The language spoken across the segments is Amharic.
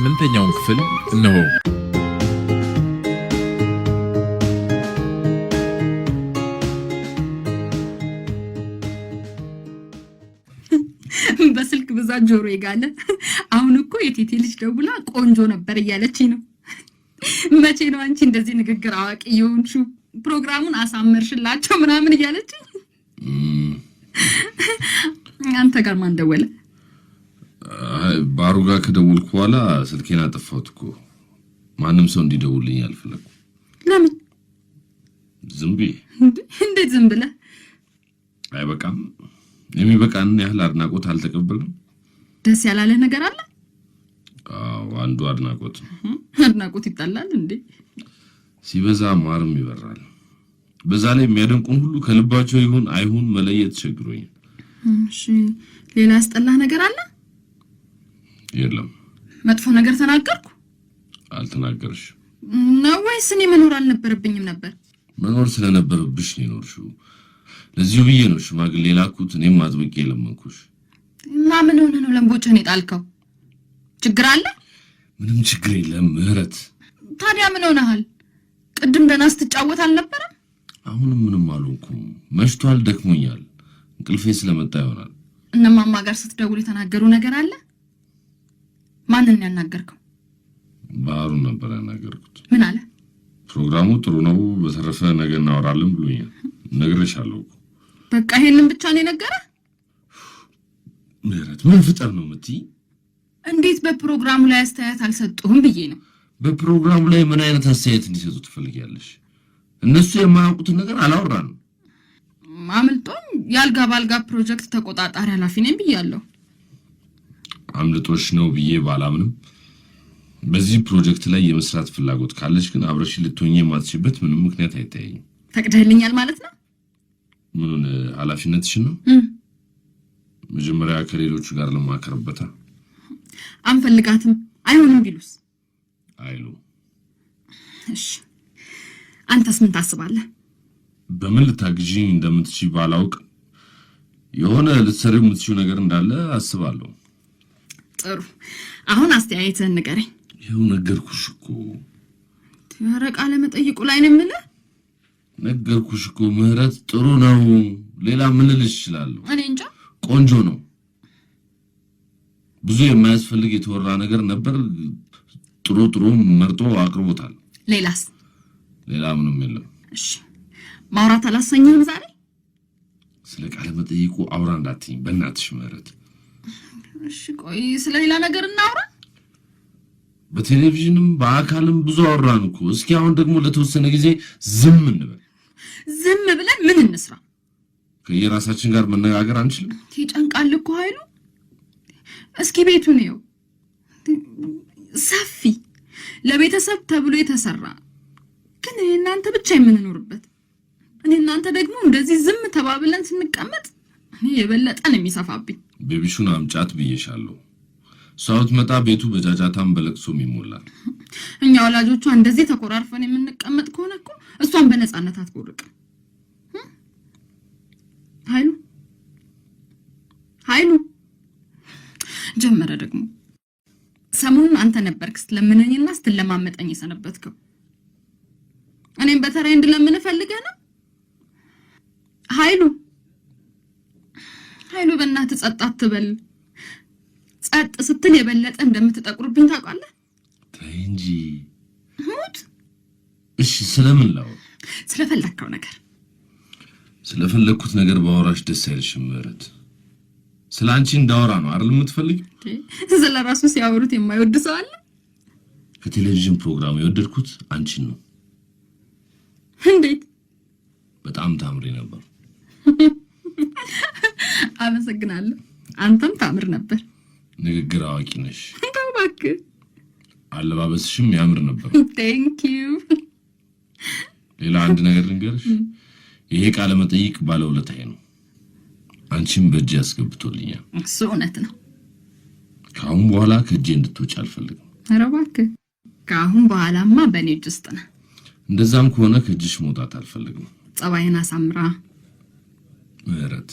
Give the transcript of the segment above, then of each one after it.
ስምንተኛውን ክፍል እነሆ። በስልክ ብዛት ጆሮ ይጋለ። አሁን እኮ የቴቴ ልጅ ደውላ ቆንጆ ነበር እያለች ነው። መቼ ነው አንቺ እንደዚህ ንግግር አዋቂ የሆንሽው? ፕሮግራሙን አሳመርሽላቸው ምናምን እያለች አንተ ጋር ማን ደወለ? ባሩጋ ጋር ከደወልኩ በኋላ ስልኬን አጠፋሁት እኮ። ማንም ሰው እንዲደውልኝ አልፈለኩም። ለምን? ዝም ብዬ። እንዴት ዝም ብለ? አይበቃም? የሚበቃንን ያህል አድናቆት አልተቀበልም። ደስ ያላለህ ነገር አለ? አዎ፣ አንዱ አድናቆት ነው። አድናቆት ይጣላል እንዴ? ሲበዛ ማርም ይበራል። በዛ ላይ የሚያደንቁን ሁሉ ከልባቸው ይሁን አይሁን መለየት ቸግሮኛል። እሺ፣ ሌላ ያስጠላህ ነገር አለ? የለም። መጥፎ ነገር ተናገርኩ? አልተናገርሽ ነው ወይስ እኔ መኖር አልነበረብኝም ነበር? መኖር ስለነበረብሽ ነው የኖርሽው። ለዚሁ ብዬ ነው ሽማግሌ ላኩት፣ እኔም አጥብቄ የለመንኩሽ። እና ምን ሆነ ነው ለምቦጭህን የጣልከው? ችግር አለ? ምንም ችግር የለም ምህረት። ታዲያ ምን ሆነሃል? ቅድም ደህና ስትጫወት አልነበረም? አሁንም ምንም አልሆንኩም። መሽቷል፣ ደክሞኛል። እንቅልፌ ስለመጣ ይሆናል። እነማማ ጋር ስትደውል የተናገሩ ነገር አለ? ማንን ያናገርከው? ባህሩን ነበር ያናገርኩት። ምን አለ? ፕሮግራሙ ጥሩ ነው፣ በተረፈ ነገ እናወራለን ብሎኛል። ነግሬሻለሁ እኮ። በቃ ይሄንን ብቻ ነው የነገረ? ምህረት፣ ምን ፍጠር ነው የምትይ? እንዴት በፕሮግራሙ ላይ አስተያየት አልሰጡህም ብዬ ነው። በፕሮግራሙ ላይ ምን አይነት አስተያየት እንዲሰጡ ትፈልጊያለሽ? እነሱ የማያውቁትን ነገር አላወራንም። አምልጦም የአልጋ በአልጋ ፕሮጀክት ተቆጣጣሪ ኃላፊ ነኝ ብያለሁ። አምልጦች ነው ብዬ ባላምንም በዚህ ፕሮጀክት ላይ የመስራት ፍላጎት ካለች ግን አብረሽ ልትሆኝ የማትችበት ምንም ምክንያት አይታየኝም። ፈቅደህልኛል ማለት ነው? ምኑን ኃላፊነትሽን ነው መጀመሪያ ከሌሎቹ ጋር ለማከርበታ አንፈልጋትም አይሆንም ቢሉስ አይሉ። እሺ አንተስ ምን ታስባለህ? በምን ልታግዢኝ እንደምትችይ ባላውቅ የሆነ ልትሰሪው የምትችው ነገር እንዳለ አስባለሁ። ጥሩ አሁን አስተያየትህን ንገረኝ። ይኸው ነገርኩሽ እኮ ኧረ ቃለ መጠይቁ ላይ ነው የምልህ። ነገርኩሽ እኮ ምህረት ጥሩ ነው። ሌላ ምን ልልሽ እችላለሁ? እኔ እንጃ። ቆንጆ ነው። ብዙ የማያስፈልግ የተወራ ነገር ነበር። ጥሩ ጥሩ መርጦ አቅርቦታል። ሌላስ? ሌላ ምንም የለም። እሺ ማውራት አላሰኘህም ዛሬ? ስለ ቃለ መጠይቁ አውራ እንዳትኝ በእናትሽ ምህረት እሺ ቆይ ሌላ ነገር እናውራ። በቴሌቪዥንም በአካልም ብዙ አወራን እኮ። እስኪ አሁን ደግሞ ለተወሰነ ጊዜ ዝም እንበል። ዝም ብለን ምን እንስራ? ከየራሳችን ጋር መነጋገር አንችልም? ይጨንቃል እኮ ኃይሉ። እስኪ ቤቱን ይኸው ሰፊ ለቤተሰብ ተብሎ የተሰራ ግን እናንተ ብቻ የምንኖርበት እኔ እናንተ ደግሞ እንደዚህ ዝም ተባብለን ስንቀመጥ እኔ የበለጠ የሚሰፋብኝ። ቤቢሹን አምጫት ብዬሻለሁ። ሳውት መጣ ቤቱ በጃጃታም በለቅሶም ይሞላል። እኛ ወላጆቿ እንደዚህ ተኮራርፈን የምንቀመጥ ከሆነ እኮ እሷን በነፃነት አትቦርቅም። ኃይሉ ኃይሉ ጀመረ ደግሞ ሰሞኑን አንተ ነበርክ ስትለምነኝና ስትለማመጠኝ የሰነበትከው። እኔም በተራይ እንድለምን ፈልገህ ነው ኃይሉ ኃይሉ በእናት ጸጥ አትበል። ጸጥ ስትል የበለጠ እንደምትጠቁርብኝ ታውቃለህ። ተይ እንጂ እሺ ስለምን ላው? ስለፈለግከው ነገር። ስለፈለግኩት ነገር ባወራሽ ደስ አይልሽም ምህረት? ስለ አንቺ እንዳወራ ነው አይደል የምትፈልጊ? ስለ ራሱ ሲያወሩት የማይወድ ሰው አለ? ከቴሌቪዥን ፕሮግራሙ የወደድኩት አንቺን ነው። እንዴት? በጣም ታምሪ ነበር። አመሰግናለሁ። አንተም ታምር ነበር። ንግግር አዋቂ ነሽ። እንደው እባክህ አለባበስሽም ያምር ነበር። ቴንክ ዩ። ሌላ አንድ ነገር ልንገርሽ፣ ይሄ ቃለ መጠይቅ ባለውለታዬ ነው። አንቺም በእጅ ያስገብቶልኛል። እሱ እውነት ነው። ከአሁን በኋላ ከእጄ እንድትወጪ አልፈልግም። ኧረ እባክህ ከአሁን በኋላማ በእኔ እጅ ውስጥ ነህ። እንደዛም ከሆነ ከእጅሽ መውጣት አልፈልግም። ጸባይን አሳምራ ምህረት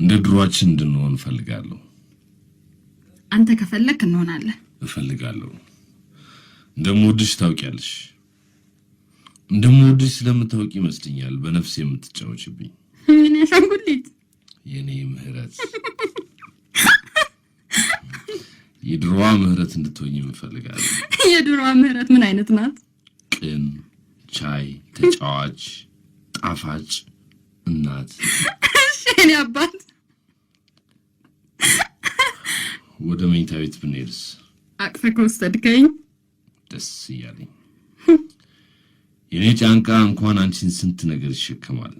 እንደ ድሯችን እንድንሆን እፈልጋለሁ። አንተ ከፈለክ እንሆናለን። እፈልጋለሁ። እንደምወድሽ ታውቂያለሽ። እንደምወድሽ ስለምታውቂ ይመስልኛል በነፍስ የምትጫወችብኝ። ምን ያሻንጉሊት የኔ ምህረት፣ የድሮዋ ምህረት እንድትሆኝ እፈልጋለሁ። የድሮዋ ምህረት ምን አይነት ናት? ቅን፣ ቻይ፣ ተጫዋች፣ ጣፋጭ እናት የኔ አባት ወደ መኝታ ቤት ብንሄድስ? አቅፈህ ከወሰድከኝ ደስ እያለኝ የኔ ጫንቃ እንኳን አንቺን ስንት ነገር ይሸከማል።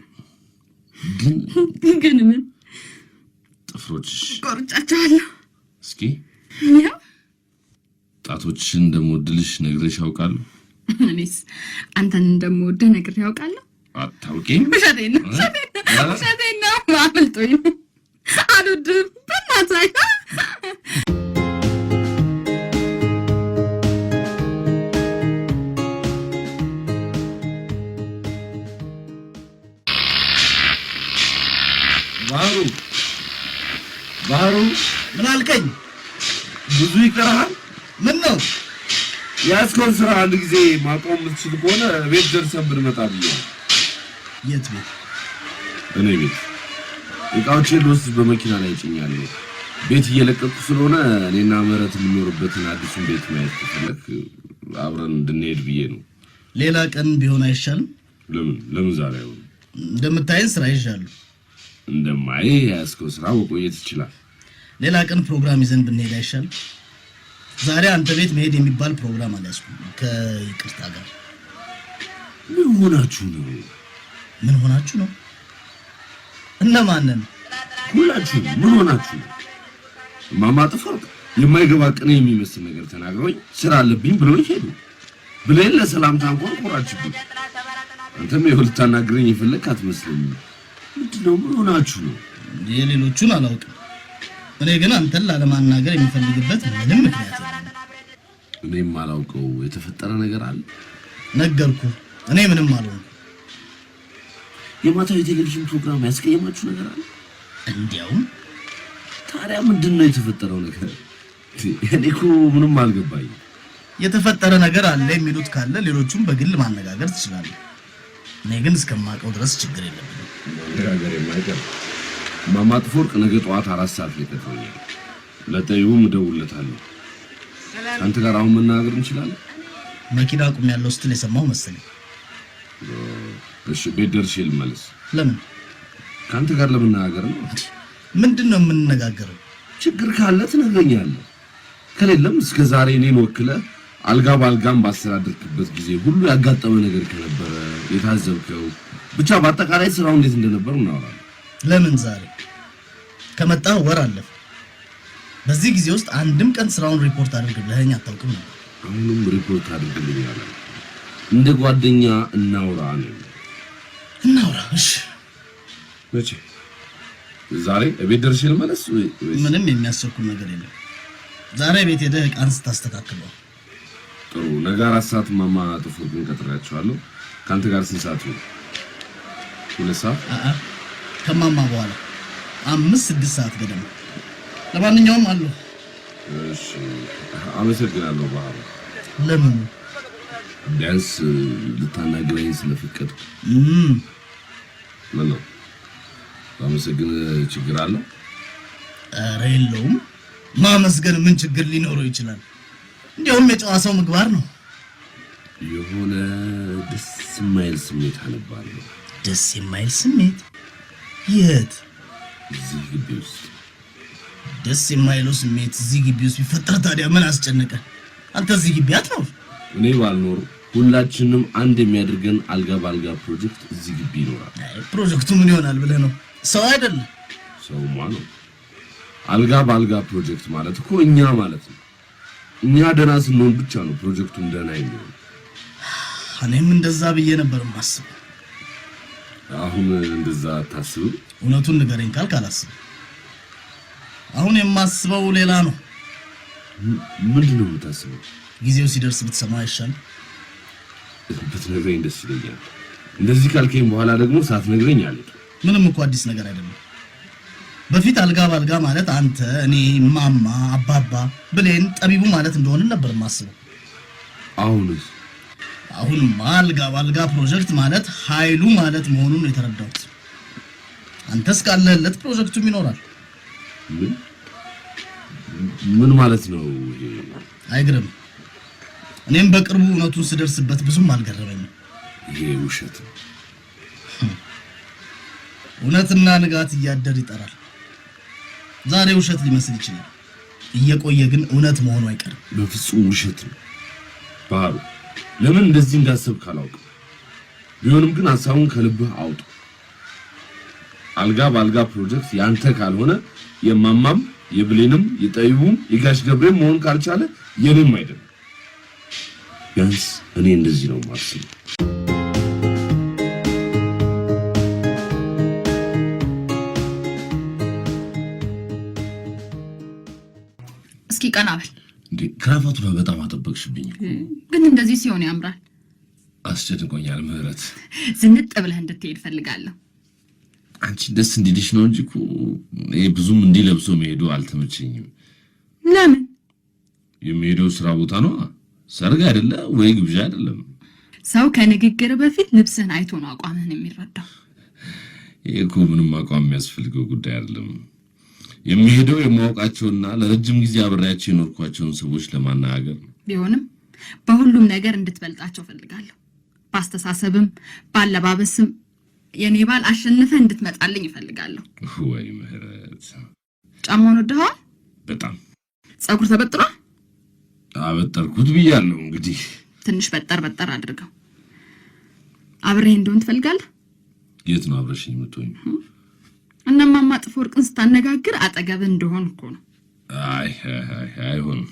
ግን ግን ምን ጥፍሮችሽ ቆርጫቸዋለሁ። እስኪ ያ ጣቶችሽን እንደምወድልሽ ነግሬሽ አውቃለሁ። እኔስ አንተን እንደምወድህ ነግሬህ ያውቃለሁ። አታውቂም? ውሸቴን ነው፣ ውሸቴን ነው አመልጦኝ ነው። አልወድም በእናትህ ባህሩ ባህሩ፣ ምን አልከኝ? ብዙ ይቀርሃል። ምን ነው ያስከውን ስራ አንድ ጊዜ ማቆም የምትችል ከሆነ ቤት ደርሰን ብንመጣ ብዬ። የት ቤት? እኔ ቤት እቃዎችን ልወስድ በመኪና ላይ ጭኛለሁ። ቤት እየለቀቁ ስለሆነ እኔና ምህረት የምኖርበትን አዲሱን ቤት ማየት ከፈለክ አብረን እንድንሄድ ብዬ ነው። ሌላ ቀን ቢሆን አይሻልም? ለምን ለምን ዛሬ አይሆንም? እንደምታየን ስራ ይዣለሁ። እንደማይ ያስከው ስራ መቆየት ይችላል። ሌላ ቀን ፕሮግራም ይዘን ብንሄድ አይሻልም? ዛሬ አንተ ቤት መሄድ የሚባል ፕሮግራም አልያዝኩም። ከይቅርታ ጋር ምን ሆናችሁ ነው? ምን ሆናችሁ ነው? እነማንን? ሁላችሁ ምን ሆናችሁ? እማማ ጥፎር የማይገባ ቅኔ የሚመስል ነገር ተናግረውኝ ስራ አለብኝ ብለው ሄዱ። ብሌን ለሰላምታ እንኳን ቆራችሁብኝ። አንተም ይኸው ልታናግረኝ የፈለግ አትመስለኝም። ምንድነው? ምን ሆናችሁ ነው? የሌሎቹን አላውቅም። እኔ ግን አንተን ላለማናገር የሚፈልግበት ምንም ምክንያት እኔም አላውቀው። የተፈጠረ ነገር አለ። ነገርኩ። እኔ ምንም አልሆንኩም። የማታው የቴሌቪዥን ፕሮግራም ያስቀየማችሁ ነገር አለ? እንዲያውም ታዲያ ምንድን ነው የተፈጠረው ነገር? እኔ እኮ ምንም አልገባኝ። የተፈጠረ ነገር አለ የሚሉት ካለ ሌሎቹም በግል ማነጋገር ትችላለ እኔ ግን እስከማውቀው ድረስ ችግር የለም ማነጋገር የማይቀር እማማ ጥፎወርቅ ነገ ጠዋት አራት ሰዓት ላይ ከተውኛል። ለጠይውም እደውልለታለሁ። አንተ ጋር አሁን መናገር እንችላለን። መኪና አቁም ያለው ስትል የሰማው መሰለኝ። እሺ ቤት ደርሼ ልመለስ። ለምን ከአንተ ጋር ለመነጋገር ነው። ምንድን ነው የምንነጋገረው? ችግር ካለ ትነግረኛለህ፣ ከሌለም እስከ ዛሬ እኔን ወክለህ አልጋ በአልጋም ባስተዳደርክበት ጊዜ ሁሉ ያጋጠመ ነገር ከነበረ የታዘብከው፣ ብቻ በአጠቃላይ ስራው እንዴት እንደነበር እናወራለን። ለምን ዛሬ ከመጣ ወር አለፈ። በዚህ ጊዜ ውስጥ አንድም ቀን ስራውን ሪፖርት አድርግልኝ አታውቅም ነበር። አሁንም ሪፖርት አድርግልኝ አለ። እንደ ጓደኛ እናውራ ነው እናውራ። እሺ መቼ? ዛሬ ቤት ደርሼ ልመለስ። ምንም የሚያስቸኩል ነገር የለም። ዛሬ ቤት ሄደህ ዕቃን ስታስተካክለው ጥሩ ነገ አራት ሰዓት ማማ ጥፎትን ቀጥሬያቸዋለሁ። ከአንተ ጋር ስንት ሰዓት ነው? ሁለት ሰዓት ከማማ በኋላ አምስት ስድስት ሰዓት ገደማ። ለማንኛውም አሉ። እሺ አመሰግናለሁ። ባህሩ ለምን ቢያንስ ልታናገ ስለ ምን ነው ማመስገን ችግር አለው? ኧረ የለውም። ማመስገን ምን ችግር ሊኖረው ይችላል? እንዲያውም የጨዋ ሰው ምግባር ነው። የሆነ ደስ የማይል ስሜት አነባለሁ። ደስ የማይል ስሜት የት? እዚህ ግቢ ውስጥ ደስ የማይለው ስሜት እዚህ ግቢ ውስጥ ቢፈጠር ታዲያ ምን አስጨነቀ? አንተ እዚህ ግቢ አትኖር። እኔ ባልኖር ሁላችንም አንድ የሚያደርገን አልጋ በአልጋ ፕሮጀክት እዚህ ግቢ ይኖራል። ፕሮጀክቱ ምን ይሆናል ብለህ ነው? ሰው አይደለም ሰውማ ነው። አልጋ በአልጋ ፕሮጀክት ማለት እኮ እኛ ማለት ነው። እኛ ደህና ስንሆን ብቻ ነው ፕሮጀክቱ ደህና የሚሆን። እኔም እንደዛ ብዬ ነበር ማስብ። አሁን እንደዛ አታስብም። እውነቱን ንገረኝ ካልክ አላስብም። አሁን የማስበው ሌላ ነው። ምንድን ነው የምታስበው? ጊዜው ሲደርስ ብትሰማ አይሻልም? ብትነግረኝ ደስ ይለኛል። እንደዚህ ካልከኝ በኋላ ደግሞ ሳትነግረኝ አለ። ምንም እኮ አዲስ ነገር አይደለም። በፊት አልጋ በአልጋ ማለት አንተ፣ እኔ፣ ማማ፣ አባባ፣ ብሌን፣ ጠቢቡ ማለት እንደሆነ ነበር ማስበው። አሁንስ? አሁንማ አልጋ በአልጋ ፕሮጀክት ማለት ኃይሉ ማለት መሆኑን ነው የተረዳሁት። አንተስ ካለህለት ፕሮጀክቱም ይኖራል። ምን ማለት ነው? አይግርም እኔም በቅርቡ እውነቱን ስደርስበት ብዙም አልገረመኝም። ይሄ ውሸት ነው። እውነትና ንጋት እያደር ይጠራል። ዛሬ ውሸት ሊመስል ይችላል፣ እየቆየ ግን እውነት መሆኑ አይቀርም። በፍጹም ውሸት ነው። ባህሩ ለምን እንደዚህ እንዳሰብክ አላውቅም። ቢሆንም ግን ሀሳቡን ከልብህ አውጡ። አልጋ በአልጋ ፕሮጀክት ያንተ ካልሆነ የማማም የብሌንም የጠይቡም የጋሽ ገብሬም መሆን ካልቻለ የኔም አይደለም። ቢያንስ እኔ እንደዚህ ነው የማስበው። እስኪ ቀና በል። ክራቫቱ በጣም አጠበቅሽብኝ። ግን እንደዚህ ሲሆን ያምራል። አስጨንቆኛል። ምህረት ዝንጥ ብለህ እንድትሄድ ፈልጋለሁ። አንቺ ደስ እንዲልሽ ነው እንጂ ብዙም እንዲህ ለብሶ መሄዱ አልተመቸኝም። ለምን? የሚሄደው ስራ ቦታ ነው ሰርግ አይደለ ወይ ግብዣ አይደለም። ሰው ከንግግር በፊት ልብስህን አይቶ ነው አቋምህን የሚረዳው። ይህ እኮ ምንም አቋም የሚያስፈልገው ጉዳይ አይደለም። የሚሄደው የማወቃቸውና ለረጅም ጊዜ አብሬያቸው የኖርኳቸውን ሰዎች ለማነጋገር ነው። ቢሆንም በሁሉም ነገር እንድትበልጣቸው ፈልጋለሁ። በአስተሳሰብም በአለባበስም የኔ ባል አሸንፈህ እንድትመጣልኝ ይፈልጋለሁ። ወይ ምህረት! ጫማውን ወደኋል በጣም ጸጉር ተበጥሯል። አበጠርኩት ብያለሁ። እንግዲህ ትንሽ በጠር በጠር አድርገው። አብሬህ እንደሆን ትፈልጋለህ? የት ነው አብረሽኝ የምትሆኝ? እነማማ ወርቅን ስታነጋግር አጠገብ እንደሆን እኮ ነው። አይ አይ አይሆንም።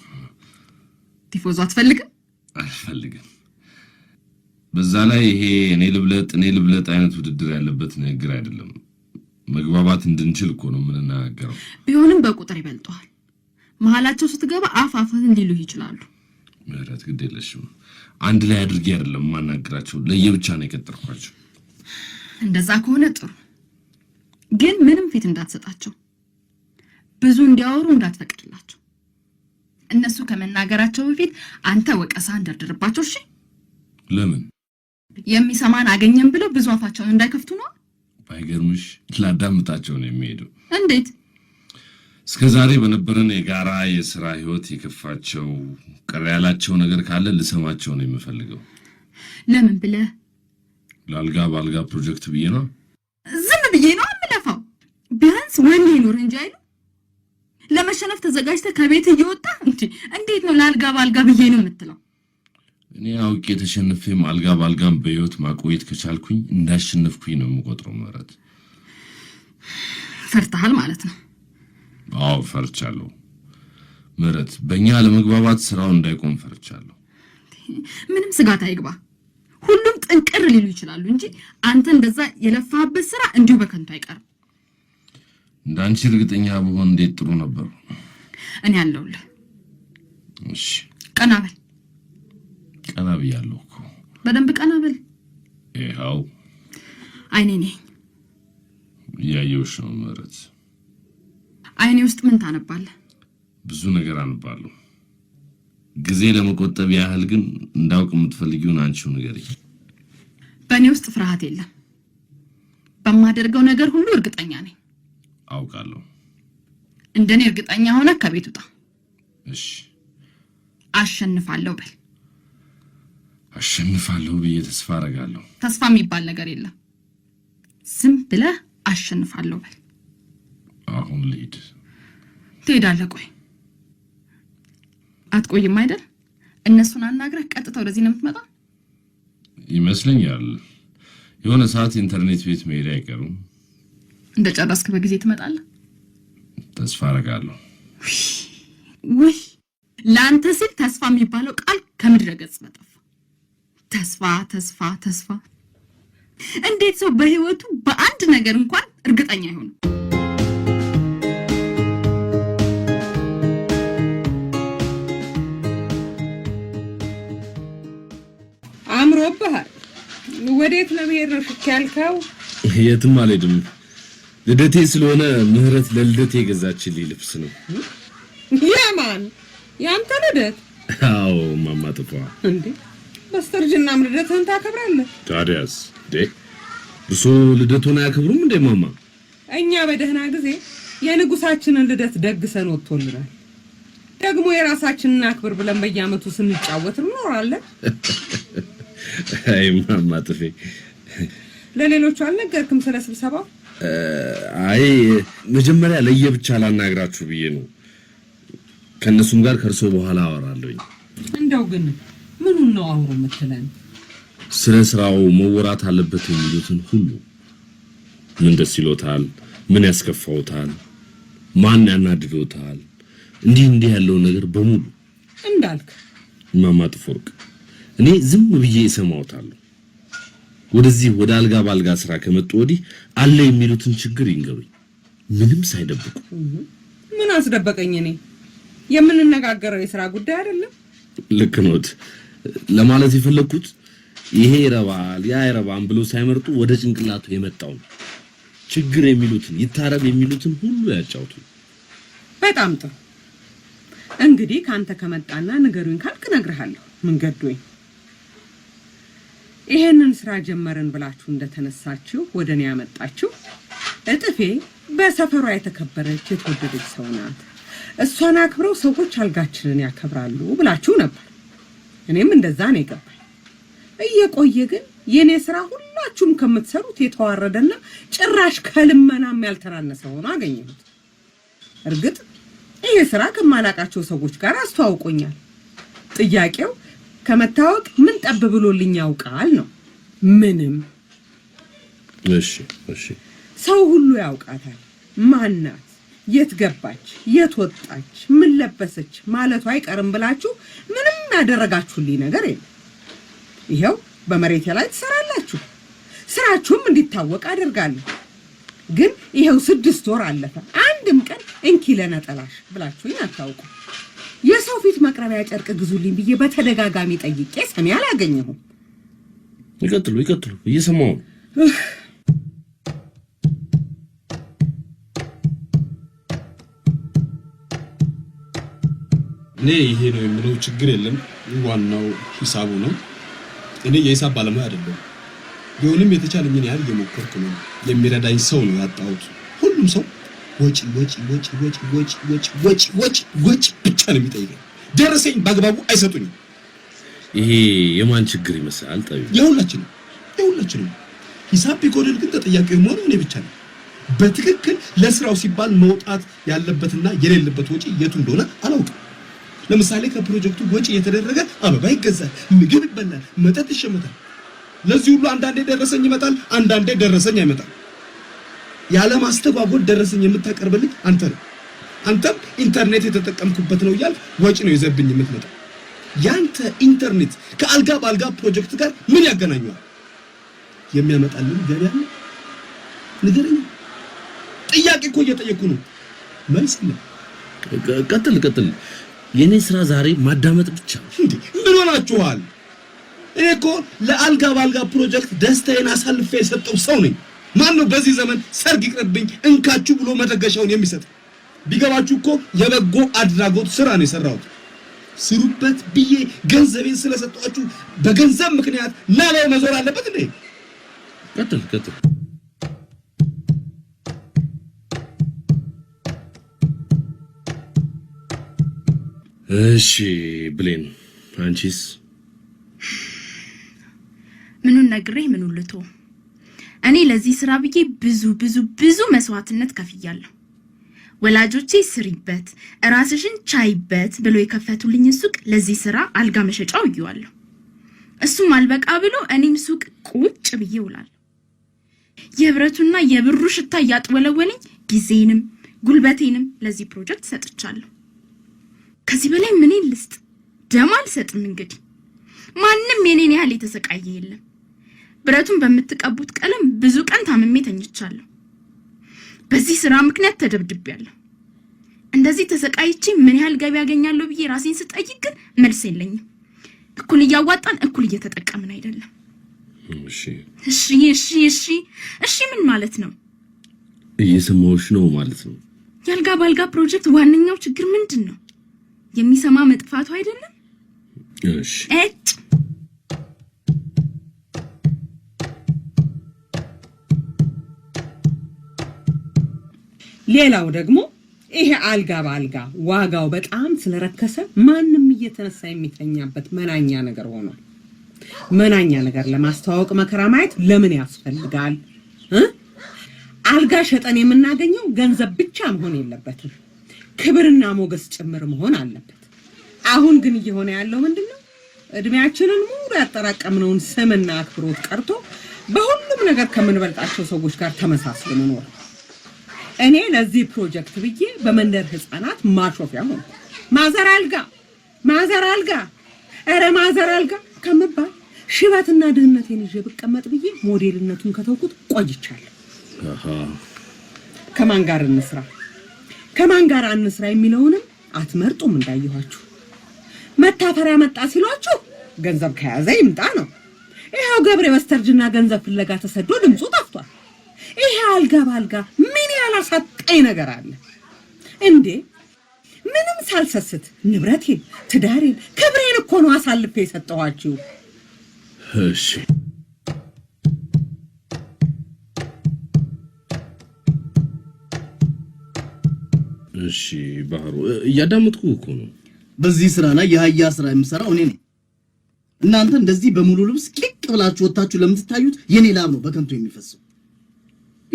ቲፎዞ አትፈልግም? አልፈልግም። በዛ ላይ ይሄ እኔ ልብለጥ እኔ ልብለጥ አይነት ውድድር ያለበት ንግግር አይደለም። መግባባት እንድንችል እኮ ነው የምንነጋገረው። ቢሆንም በቁጥር ይበልጠዋል። መሀላቸው ስትገባ አፍ አፍህን ሊሉህ ይችላሉ። ምህረት ግድ የለሽም። አንድ ላይ አድርጌ አይደለም ማናገራቸው፣ ለየብቻ ነው የቀጠርኳቸው። እንደዛ ከሆነ ጥሩ፣ ግን ምንም ፊት እንዳትሰጣቸው፣ ብዙ እንዲያወሩ እንዳትፈቅድላቸው። እነሱ ከመናገራቸው በፊት አንተ ወቀሳ እንደርድርባቸው። እሺ። ለምን የሚሰማን አገኘን ብለው ብዙ አፋቸውን እንዳይከፍቱ ነው። ባይገርምሽ ላዳምጣቸው ነው የሚሄደው። እንዴት እስከ ዛሬ በነበረን የጋራ የስራ ህይወት የከፋቸው ቅር ያላቸው ነገር ካለ ልሰማቸው ነው የምፈልገው። ለምን ብለህ? ለአልጋ በአልጋ ፕሮጀክት ብዬ ነው። ዝም ብዬ ነው የምለፋው። ቢያንስ ወኔ ይኑር እንጂ አይሉ ለመሸነፍ ተዘጋጅተህ ከቤት እየወጣ እንዴት ነው ለአልጋ በአልጋ ብዬ ነው የምትለው? እኔ አውቄ የተሸነፌም አልጋ በአልጋም በህይወት ማቆየት ከቻልኩኝ እንዳሸነፍኩኝ ነው የምቆጥረው። ምረት ፈርተሃል ማለት ነው። አዎ ፈርቻለሁ። ምረት በእኛ ለመግባባት ስራው እንዳይቆም ፈርቻለሁ። ምንም ስጋት አይግባ። ሁሉም ጥንቅር ሊሉ ይችላሉ እንጂ አንተ እንደዛ የለፋህበት ስራ እንዲሁ በከንቱ አይቀርም። እንዳንቺ አንቺ እርግጠኛ ብሆን እንዴት ጥሩ ነበር። እኔ አለሁልህ። እሺ ቀና በል። ቀና ብያለሁ እኮ በደንብ ቀና በል። ይኸው አይኔ ነኝ። እያየሁሽ ነው ምረት። አይኔ ውስጥ ምን ታነባለህ? ብዙ ነገር አነባለሁ። ጊዜ ለመቆጠብ ያህል ግን እንዳውቅ የምትፈልጊውን አንቺው ንገሪኝ። በእኔ ውስጥ ፍርሃት የለም። በማደርገው ነገር ሁሉ እርግጠኛ ነኝ። አውቃለሁ። እንደኔ እርግጠኛ ሆነ ከቤት ውጣ። እሺ፣ አሸንፋለሁ በል። አሸንፋለሁ ብዬ ተስፋ አደርጋለሁ። ተስፋ የሚባል ነገር የለም። ዝም ብለህ አሸንፋለሁ በል። አሁን ልሂድ። ትሄዳለህ? ቆይ አትቆይም አይደል? እነሱን አናግረህ ቀጥታ ወደዚህ ነው የምትመጣ ይመስለኛል። የሆነ ሰዓት ኢንተርኔት ቤት መሄድ አይቀሩም። እንደ ጨረስክ በጊዜ ትመጣለህ ተስፋ አደርጋለሁ። ውይ ለአንተ ስል ተስፋ የሚባለው ቃል ከምድረ ገጽ በጠፋ። ተስፋ ተስፋ ተስፋ! እንዴት ሰው በህይወቱ በአንድ ነገር እንኳን እርግጠኛ አይሆንም? ገብቶብሃል። ወዴት ለመሄድ ነው ሽክ ያልከው? የትም አልሄድም። ልደቴ ስለሆነ ምህረት ለልደቴ የገዛችልኝ ልብስ ነው። የማን ያንተ ልደት? አዎ እማማ ጥፋ። እንዴ በስተርጅናም ልደትህን ታከብራለህ? ታዲያስ እንዴ እርሶ ልደቱን አያከብሩም እንዴ ማማ? እኛ በደህና ጊዜ የንጉሳችንን ልደት ደግሰን ወጥቶልናል። ደግሞ የራሳችንን አክብር ብለን በየአመቱ ስንጫወት እንኖራለን። አይ ማማ ጥፌ፣ ለሌሎቹ አልነገርክም ስለ ስብሰባው? አይ መጀመሪያ ለየብቻ ላናግራችሁ ብዬ ነው። ከእነሱም ጋር ከእርሶ በኋላ አወራለሁኝ። እንደው ግን ምኑን ነው አውሩ የምትለን? ስለ ስራው መወራት አለበት የሚሉትን ሁሉ። ምን ደስ ይሎታል? ምን ያስከፋውታል? ማን ያናድዶታል? እንዲህ እንዲህ ያለው ነገር በሙሉ እንዳልክ ማማ ጥፎ እኔ ዝም ብዬ እሰማውታለሁ። ወደዚህ ወደ አልጋ በአልጋ ስራ ከመጡ ወዲህ አለ የሚሉትን ችግር ይንገሩኝ፣ ምንም ሳይደብቁ። ምን አስደበቀኝ? እኔ የምንነጋገረው የስራ ጉዳይ አይደለም። ልክ ኖት። ለማለት የፈለግኩት ይሄ ይረባል ያ ይረባም ብሎ ሳይመርጡ ወደ ጭንቅላቱ የመጣው ነው። ችግር የሚሉትን ይታረብ የሚሉትን ሁሉ ያጫውቱ። በጣም ጥሩ። እንግዲህ ከአንተ ከመጣና ንገሩኝ ካልክ እነግርሃለሁ። ምን ገዶኝ ይሄንን ስራ ጀመርን ብላችሁ እንደተነሳችሁ ወደ እኔ ያመጣችሁ እጥፌ በሰፈሯ የተከበረች የተወደደች ሰው ናት። እሷን አክብረው ሰዎች አልጋችንን ያከብራሉ ብላችሁ ነበር። እኔም እንደዛ ነው የገባኝ። እየቆየ ግን የእኔ ስራ ሁላችሁም ከምትሰሩት የተዋረደና ጭራሽ ከልመናም ያልተናነሰ ሆኖ አገኘሁት። እርግጥ ይሄ ስራ ከማላቃቸው ሰዎች ጋር አስተዋውቆኛል። ጥያቄው ከመታወቅ ምን ጠብ ብሎልኝ ያውቃል ነው ምንም። እሺ እሺ፣ ሰው ሁሉ ያውቃታል። ማናት፣ የት ገባች፣ የት ወጣች፣ ምን ለበሰች ማለቱ አይቀርም ብላችሁ ምንም ያደረጋችሁልኝ ነገር የለም። ይኸው በመሬት ላይ ትሰራላችሁ፣ ስራችሁም እንዲታወቅ አደርጋለሁ። ግን ይኸው ስድስት ወር አለፈ፣ አንድም ቀን እንኪ ለነጠላሽ ብላችሁኝ አታውቁ። የሰው ፊት ማቅረቢያ ጨርቅ ግዙልኝ ብዬ በተደጋጋሚ ጠይቄ ሰሚ አላገኘሁም። ይቀጥሉ ይቀጥሉ፣ እየሰማሁ ነው። እኔ ይሄ ነው የምለው ችግር የለም። ዋናው ሂሳቡ ነው። እኔ የሂሳብ ባለሙያ አይደለም። ቢሆንም የተቻለኝን ያህል እየሞከርኩ ነው። የሚረዳኝ ሰው ነው ያጣሁት። ሁሉም ሰው ወጪ ወጪ ወጪ ወጪ ወጪ ወጪ ወጪ ወጪ ወጪ ብቻ ነው የሚጠይቀው። ደረሰኝ በአግባቡ አይሰጡኝም። ይሄ የማን ችግር ይመስላል? ጠቢብ፣ የሁላችንም የሁላችንም። ሂሳብ ቢጎድል ግን ተጠያቂ መሆኑ እኔ ብቻ ነው። በትክክል ለስራው ሲባል መውጣት ያለበትና የሌለበት ወጪ የቱ እንደሆነ አላውቅም። ለምሳሌ ከፕሮጀክቱ ወጪ የተደረገ አበባ ይገዛል፣ ምግብ ይበላል፣ መጠጥ ይሸመታል። ለዚህ ሁሉ አንዳንዴ ደረሰኝ ይመጣል፣ አንዳንዴ ደረሰኝ አይመጣል። ያለ ማስተጓጎል ደረሰኝ የምታቀርብልኝ አንተ ነው። አንተም ኢንተርኔት የተጠቀምኩበት ነው እያልክ ወጪ ነው ይዘብኝ የምትመጣ። ያንተ ኢንተርኔት ከአልጋ በአልጋ ፕሮጀክት ጋር ምን ያገናኘዋል? የሚያመጣልን ገበያ አለ? ንገረኝ። ጥያቄ እኮ እየጠየኩ ነው። መልስ ነው። ቀጥል ቀጥል። የኔ ስራ ዛሬ ማዳመጥ ብቻ። ምን ሆናችኋል? እኔ እኮ ለአልጋ በአልጋ ፕሮጀክት ደስታዬን አሳልፌ የሰጠው ሰው ነኝ። ማን ነው በዚህ ዘመን ሰርግ ይቅርብኝ እንካችሁ ብሎ መተገሻውን የሚሰጥ? ቢገባችሁ እኮ የበጎ አድራጎት ስራ ነው የሰራሁት። ስሩበት ብዬ ገንዘቤን ስለሰጧችሁ በገንዘብ ምክንያት ላይ መዞር አለበት እንዴ? ቀጥል ቀጥል። እሺ ብሌን፣ አንቺስ ምኑን ነግሬ ምኑን ልቶ እኔ ለዚህ ስራ ብዬ ብዙ ብዙ ብዙ መስዋዕትነት ከፍያለሁ። ወላጆቼ ስሪበት፣ እራስሽን ቻይበት ብሎ የከፈቱልኝ ሱቅ ለዚህ ስራ አልጋ መሸጫው እየዋለሁ። እሱም አልበቃ ብሎ እኔም ሱቅ ቁጭ ብዬ ውላለሁ። የህብረቱና የብሩ ሽታ እያጥወለወለኝ ጊዜንም ጉልበቴንም ለዚህ ፕሮጀክት ሰጥቻለሁ። ከዚህ በላይ ምን ልስጥ? ደም አልሰጥም። እንግዲህ ማንም የኔን ያህል የተሰቃየ የለም። ብረቱን በምትቀቡት ቀለም ብዙ ቀን ታምሜ ተኝቻለሁ። በዚህ ስራ ምክንያት ተደብድቤያለሁ። እንደዚህ ተሰቃይቼ ምን ያህል ገቢ ያገኛለሁ ብዬ ራሴን ስጠይቅ ግን መልስ የለኝም። እኩል እያዋጣን እኩል እየተጠቀምን አይደለም። እሺ እሺ እሺ እሺ ምን ማለት ነው? እየሰማዎች ነው ማለት ነው። የአልጋ በአልጋ ፕሮጀክት ዋነኛው ችግር ምንድን ነው? የሚሰማ መጥፋቱ አይደለም። እሺ ሌላው ደግሞ ይሄ አልጋ በአልጋ ዋጋው በጣም ስለረከሰ ማንም እየተነሳ የሚተኛበት መናኛ ነገር ሆኗል። መናኛ ነገር ለማስተዋወቅ መከራ ማየት ለምን ያስፈልጋል? አልጋ ሸጠን የምናገኘው ገንዘብ ብቻ መሆን የለበትም፣ ክብርና ሞገስ ጭምር መሆን አለበት። አሁን ግን እየሆነ ያለው ምንድነው? እድሜያችንን ሙሉ ያጠራቀምነውን ስምና አክብሮት ቀርቶ በሁሉም ነገር ከምንበልጣቸው ሰዎች ጋር ተመሳስሎ መኖር እኔ ለዚህ ፕሮጀክት ብዬ በመንደር ህፃናት ማሾፊያ ሆንኩ። ማዘር አልጋ ማዘር አልጋ ኧረ ማዘር አልጋ ከምባል ሽበትና ድህነቴን ይዤ ብቀመጥ ብዬ ሞዴልነቱን ከተውኩት ቆይቻለሁ። ከማን ጋር እንስራ ከማን ጋር አንስራ የሚለውንም አትመርጡም። እንዳየኋችሁ መታፈሪያ መጣ ሲሏችሁ ገንዘብ ከያዘ ይምጣ ነው። ይኸው ገብሬ በስተርጅና ገንዘብ ፍለጋ ተሰዶ ድምፁ ጠፍቷል። ይሄ አልጋ በአልጋ ያላሳጣኝ ነገር አለ እንዴ? ምንም ሳልሰስት ንብረቴን፣ ትዳሬን፣ ክብሬን እኮ ነው አሳልፌ የሰጠኋችሁ። እሺ እሺ፣ ባህሩ እያዳመጥኩ እኮ ነው። በዚህ ስራ ላይ የአህያ ስራ የምሰራው እኔ ነኝ። እናንተ እንደዚህ በሙሉ ልብስ ቂቅ ብላችሁ ወጥታችሁ ለምትታዩት የኔ ላብ ነው በከንቱ የሚፈሰው።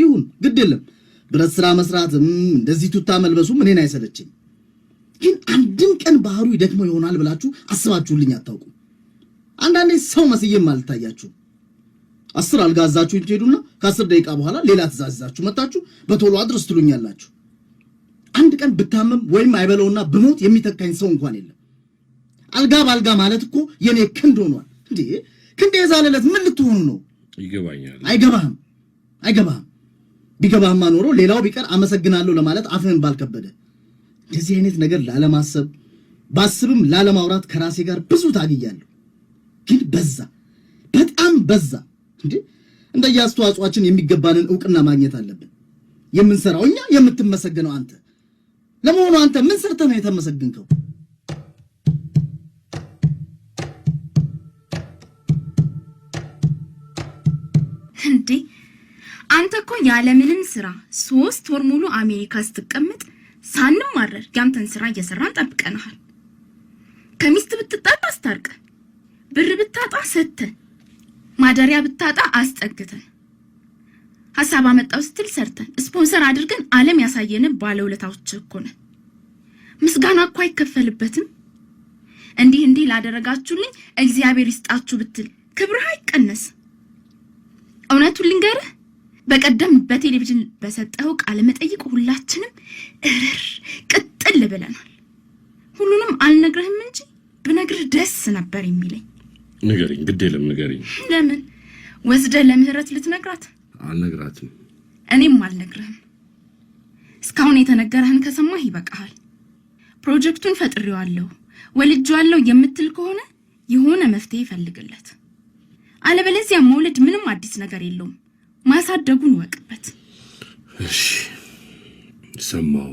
ይሁን ግድ የለም። ብረት ስራ መስራትም እንደዚህ ቱታ መልበሱም እኔን አይሰለችኝ። ግን አንድም ቀን ባህሩ ይደክመው ይሆናል ብላችሁ አስባችሁልኝ አታውቁም። አንዳንዴ ሰው መስዬም አልታያችሁም። አስር አልጋ አዛችሁኝ ትሄዱና ከአስር ደቂቃ በኋላ ሌላ ትእዛዝ መታችሁ መጣችሁ በቶሎ አድርስ ትሉኛላችሁ። አንድ ቀን ብታመም ወይም አይበለውና ብሞት የሚተካኝ ሰው እንኳን የለም። አልጋ በአልጋ ማለት እኮ የኔ ክንድ ሆኗል እንዴ! ክንድ የዛለለት ምን ልትሆኑ ነው? ይገባኛል። አይገባህም፣ አይገባህም ቢገባማ ኖሮ ሌላው ቢቀር አመሰግናለሁ ለማለት አፍህን ባልከበደ። እንደዚህ አይነት ነገር ላለማሰብ ባስብም ላለማውራት ከራሴ ጋር ብዙ ታግያለሁ። ግን በዛ በጣም በዛ። እንዴ እንደየአስተዋጽኦአችን የሚገባንን እውቅና ማግኘት አለብን። የምንሰራው እኛ፣ የምትመሰገነው አንተ። ለመሆኑ አንተ ምን ሰርተህ ነው የተመሰገንከው? እንዴ አንተ እኮ ያለምንም ስራ ሶስት ወር ሙሉ አሜሪካ ስትቀመጥ ሳንማረር ያንተን ስራ እየሰራን ጠብቀናል። ከሚስት ብትጣጣ አስታርቀ፣ ብር ብታጣ ሰተ፣ ማደሪያ ብታጣ አስጠግተን፣ ሀሳብ አመጣው ስትል ሰርተን ስፖንሰር አድርገን ዓለም ያሳየን ባለውለታዎች እኮ ነን። ምስጋና እኮ አይከፈልበትም። እንዲህ እንዲህ ላደረጋችሁልኝ እግዚአብሔር ይስጣችሁ ብትል ክብርህ አይቀነስ። እውነቱን ልንገርህ በቀደም በቴሌቪዥን በሰጠው ቃለ መጠይቅ ሁላችንም እርር ቅጥል ብለናል። ሁሉንም አልነግርህም እንጂ ብነግርህ ደስ ነበር የሚለኝ። ንገሪኝ፣ ግድ የለም ንገሪኝ። ለምን ወስደህ ለምህረት ልትነግራት? አልነግራትም። እኔም አልነግርህም። እስካሁን የተነገረህን ከሰማህ ይበቃሃል። ፕሮጀክቱን ፈጥሬዋለሁ ወልጄዋለሁ የምትል ከሆነ የሆነ መፍትሄ ይፈልግለት። አለበለዚያ መውለድ ምንም አዲስ ነገር የለውም። ማሳደጉን ወቅበት። እሺ ሰማው።